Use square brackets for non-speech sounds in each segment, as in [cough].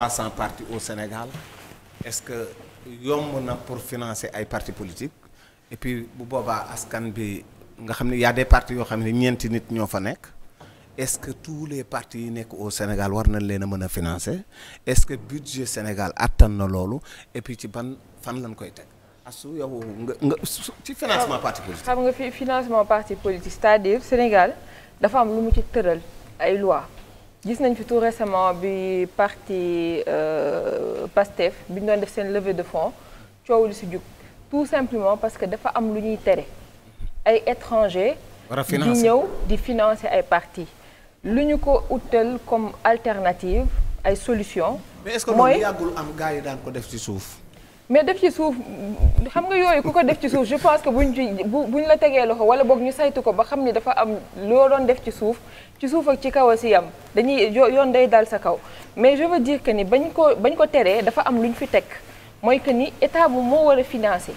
300 partis au Sénégal est-ce que yomb na pour financer ay partis politiques et bu boobaa askan bi nga xam ne y a des partis yoo xam ne ñeenti nit ñoo fa nekk est-ce que tous les parti yi nekk au Sénégal war nañ leen a mën a financer est-ce que budget Sénégal attan na loolu et ci ban fan lañ koy teg asu yow nga nga ci financement parti politique. xam nga fi financement parti politique c'est-à-dire Sénégal dafa am lu mu ci tëral ay loi gis nañ fi tout récemment bi parti euh, PASTEF bi ñu def seen levée de fonds coow lu si jug tout simplement parce que dafa am lu ñuy tere ay étrangers di ñëw di financer ay parti lu ñu ko utal comme alternative ay solution mooy mais est-ce que loolu yàggul am gars yi daan ko def ci suuf mais def ci suuf xam nga yooyu ku ko def ci suuf je pense que buñ ci buñ la tegee loxo wala boog ñu saytu ko ba xam ni dafa am loo doon def ci suuf ci suuf ak ci kaw a si yam dañuy yoon day dal sa kaw mais je veux dire que ni bañ ko bañ ko teree dafa am lu ñu fi teg mooy que ni état bu moo war a financer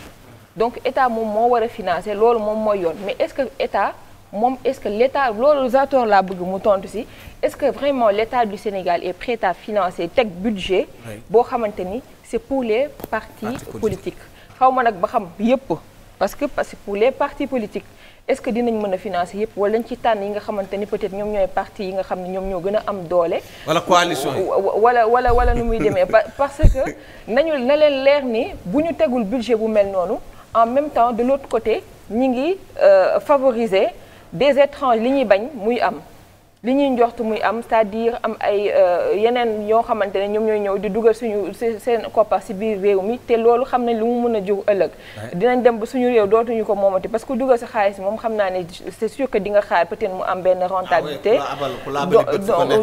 donc état moom moo war a financer loolu moom mooy yoon mais est-ce que état moom est-ce que l'État loolu zator laa bëgg mu tontu si est-ce que vraiment l'État du Sénégal est prêt à financer teg budget boo xamante ni c'est pour les partis politiques xaw ma nag ba xam yëpp parce que c'est pour les partis politiques est-ce que dinañ mën a financer yëpp wala dañ ci tànn yi nga xamante ni peut-être ñoom ñooy parti yi xam ne ñoom ñoo gën a am doole. wala coalition yi wala wala wala nu muy demee parce que [laughs] nañu na leen leer ni bu ñu tegul budget bu mel noonu en même temps de l'autre côté ñi ngi euh, favoriser. des étranges li ñuy bañ muy am li ñuy njoxtu muy am c'est-à-dire am ay euh, yeneen ñoo xamante ne ñoom ñooy ñëw di dugal suñu seen koppar si biir réew mi te loolu xam nañ lu mu mën a jur ëllëg dinañ dem ba suñu réew dootuñu ko moomati parce que dugal sa xaalis moom xam naa ne c'est sûr que di nga xaar peut-être mu am benn rentabilité ah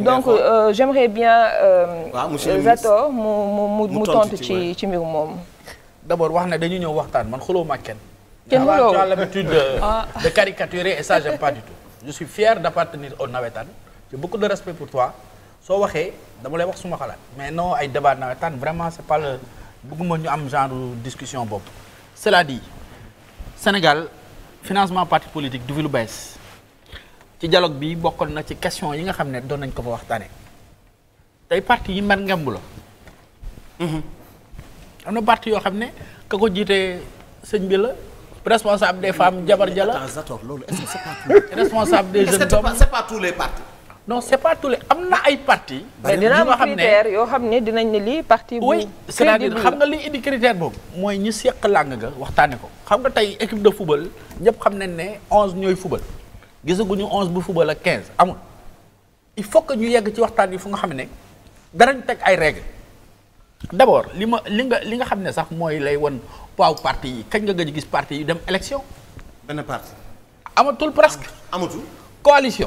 donc euh, j'aimerais bien euh, Zator mu mu mu tontu ci ci mbir moom d'abord wax na dañu ñëw waxtaan man xuloo ma kenn tu as l'habitude de, ah. de caricaturer et ça j'aime pas du tout je suis fier d'appartenir au nawetaan j'ai beaucoup soo waxee dama lay wax suma xalaat mais non ay débat nawetaan vraiment c'est pas le bëgguma ñu am genre discussion boobu cela di Sénégal financement parti politique du fi lu bees ci dialogue bi bokkoon na ci question yi nga xam ne doon nañ ko fa waxtaanee tey parti yi mën ngemb la mhm. am na parti yoo xam ne ka ko jiitee sëñ bi la responsable des femmes Jabar Jala. loolu est-ce que c'est pas tout. [laughs] responsable des jeunes hommes est-ce que c'est pas tous les partis. non c'est pas tous les am na ay partis. mais dina yoo xam ne dinañ ne lii parti. bu c'est-à-dire xam nga li indi critère boobu. mooy ñi seq làng ga waxtaane ko xam nga tey équipe de football ñëpp xam nañ ne onze ñooy football gisaguñu onze bu football ak quinze amul il faut que ñu yegg ci waxtaan yi fu nga xam ne danañ teg ay règles d'abord li ma li nga li nga xam ne sax mooy lay won poids parti yi kañ nga gëj gis parti yu dem élection. benn amatul presque. amatul. coalition.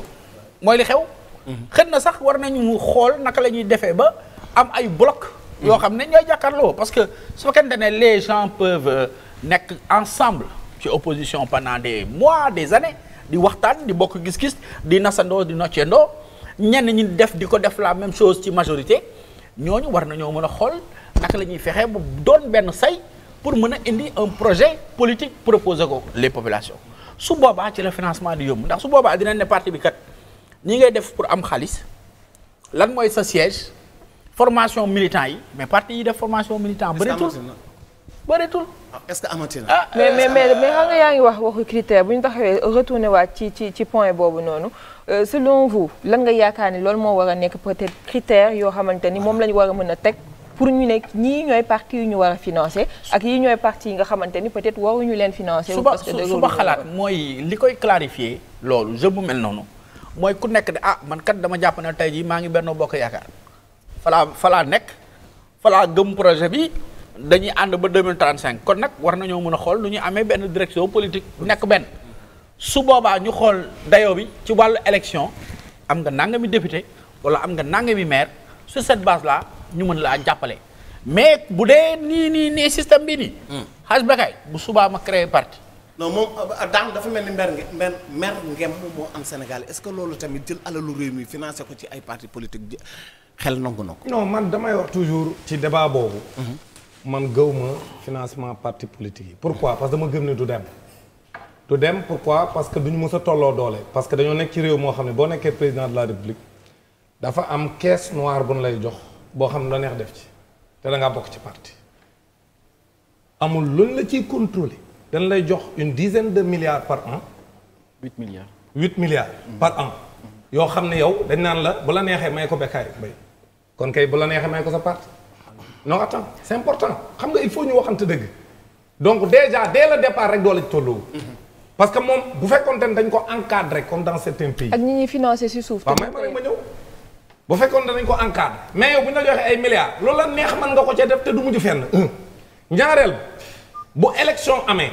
mooy li xew. Mhm. xën na sax war nañu xool naka la ñuy defee ba am ay bloc. Mhm. yoo xam ne ñooy jàkkaarloo parce que su fekkente ne les gens peuvent euh, nekk ensemble ci opposition pendant des mois des années di waxtaan di bokk gis-gis di nasandoo di noccendoo ñenn ñi def di ko def la même chose ci majorité ñooñu war nañoo mën a xool naka la ñuy fexe bu doon benn say. pour mën a indi un projet politique proposé ko les population su boobaa ci la financement di yomb ndax su boobaa dinañ ne parti bi kat ñi ngay def pour am xaalis lan mooy sa siège formation militant yi mais parti yi def formation militant bëreetul bëreetul est-ce que amati ah, ah mais euh, mais mais xam nga yaa ngi wax waxu critère bu ñu taxawee retourné waat ci ci ci point boobu noonu euh, selon vous lan nga yaakaar ni loolu moo war a nekk peut-être critère yoo xamante ni moom la ñu war a mën a teg pour ñu ne ñii ñooy parti yu ñu war a financé ak yi ñooy partie yi nga xamante ni peut-être waruñu leen financer. parce que su xalaat mooy li koy clarifier loolu jeu bu mel noonu mooy ku nekk de ah man kat dama jàpp na tey jii maa ngi Benno Bokk Yaakaar falaa falaa nekk falaa gëm projet bi dañuy ànd ba 2035 kon nag war nañoo mën a xool nu amee benn direction politique nekk benn su boobaa ñu xool dayo bi ci wàllu élection am nga nangami député wala am nga nangami maire su cet base là. ñu mën laa jàppale mais bu dee nii nii nii système hmm. bi nii. xaj bakay bu subaa ma créé parti. non moom euh, daan dafa mel ni mer mer mer ngem moo est-ce que loolu tamit jël alalu réew mi financé ko ci ay parti politique xel nangu na ko. non man damay wax toujours ci débat boobu. Hmm. man gëw ma financement parti politique yi. pourquoi parce que ma gëm ne du dem. du dem pourquoi parce que duñu mës a tolloo doole parce que dañoo nekk ci réew moo xam ne boo nekkee président de la république dafa am caisse noire bu ñu lay jox. boo xam ne la neex def ci te da ngaa bokk ci parti amul luñ la ciy contrôler dañ lay jox une dizaine de milliards par an. huit milliards. huit milliards mm-hmm. par an. yoo xam ne yow dañ naan la bu la neexee may ko bekkaay bay kon kay bu la neexee may ko sa parti non attends c'est important xam nga il faut ñu waxante dëgg donc déjà dès la départ rek doo la tolloo. Mm-hmm. parce que moom bu fekkoon ne dañ ko encadre comme dans certains pays. ak ñi ñuy financé si suuf. waaw may ma ma ñëw. bu fekkoon danañ ko encadre mais yow bu ñu la joxee ay milliards loolu la neex mën nga ko ca def te du mujj fenn ñaareel bu élection amee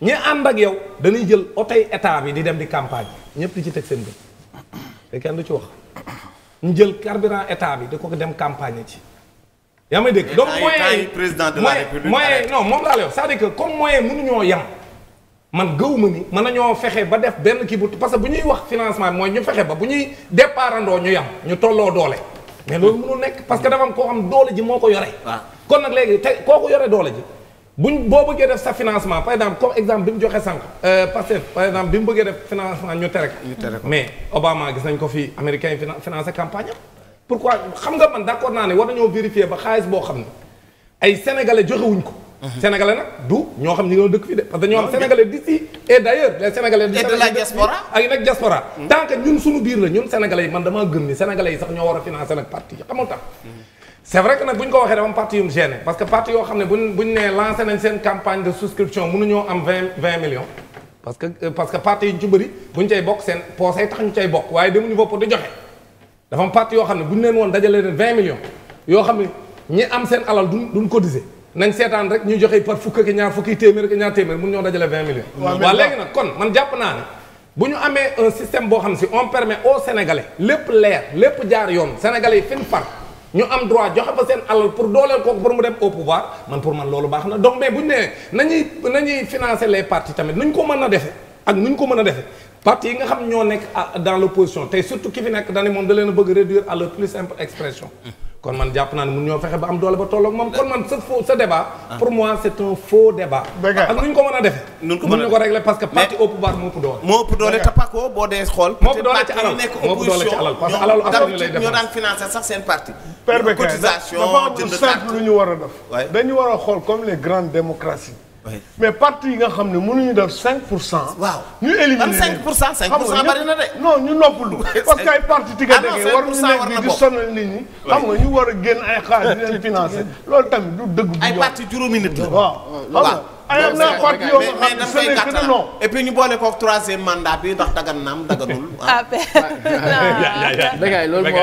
ñi ànd ak yow dañuy jël otey état bi di dem di campagne ñëpp di ci teg seen bët te kenn du ci wax ñu jël carburant état bi di ko dem campagne ci. yaa may dégg donc moyen yi président de la république. moyen non moom laa lay wax cest comme moyen mënuñoo yam. man gëwuma ni mën nañoo fexe ba def benn kii bu parce que bu ñuy wax financement bi mooy ñu fexe ba bu ñuy départandoo ñu yam ñu tolloo doole mais loolu mënul nekk parce que dafa am koo xam doole ji moo ko yore kon nag léegi te kooku yore doole ji ñu boo bëggee def sa financement par exemple comme exemple bi mu joxe sànq euh, Pastef par exemple bi mu bëggee def financement ñu tere ko mais Obama gis nañ ko fi américain yi financé campagne pourquoi xam nga man d'accord naa ne war nañoo vérifier ba xaalis boo xam ne ay sénégalais joxewuñ ko Uh-huh. sénégalais nag du ñoo xam ñi nga dëkk fii de parce que ñoo xam sénégalais d'ici et d'ailleurs les sénégalais de la diaspora ak yi nag diaspora hmm. tant que ñun suñu la ñun sénégalais yi man damaa gëm ni sénégalais yi sax ñoo war a financé nag parti yi xamul tax hmm. c'est vrai que nag bu ñu ko waxee dafa am parti yu mu ne buñ buñ nee lancé nañ seen campagne parce que euh, parce que ñu ci bëri buñ cay bokk seen poos ay tax ñu cay bokk waaye demuñu bopp di joxe dafa am parti yoo xam ne buñ leen woon dajale nañ seetaan rek ñu joxe par fukk ak ñaar fukki téeméer ak ñaar téeméer mun ñoo dajale vingt millions. waaw léegi nag kon man jàpp naa ne bu ñu amee un système boo xam ne si on permet aux sénégalais lépp leer lépp jaar yoon sénégalais yi fi ñu far ñu am droit joxe ba seen alal pour dooleel kooku pour mu dem au pouvoir man pour man loolu baax na donc mais bu ñu nee nañuy nañuy financer les partis tamit nu ñu ko mën a defee ak nu ñu ko mën a defee parti yi nga xam ñoo nekk dans l' opposition tey ki fi nekk dañu moom leen a bëgg réduire à leur plus kon man jàpp naa ne mun ñoo fexe ba am doole ba tolloog moom kon man sa faux sa débat. Ah. pour moi c' est un ak nu ko mën a defee. nu ko mën parce que parti au pouvoir moo ëpp doole. moo boo dee xool. moo ëpp doole ci alal moo ëpp doole ci alal parce que alalu askan wi lay def ñoo daan financé sax seen parti. cotisation dafa am lu lu ñu war a dañu war xool comme les grandes démocraties. mais parti yi nga xam ne mënuñu def 5 pour cent. waaw ñu éliminer leen pour cent 5 ah pour cent xam nga ñu war a génn ay xaalis di leen financer [laughs] loolu tamit du dëgg. ay parti juróomi nit la. waaw waaw. ayam naa parti yoo nga xam ne sëñ bi gën a non. et puis ñu boole koog troisième mandat bi ndax dagan naam daganul. ah ben ah. [laughs] non. [laughs] loolu moo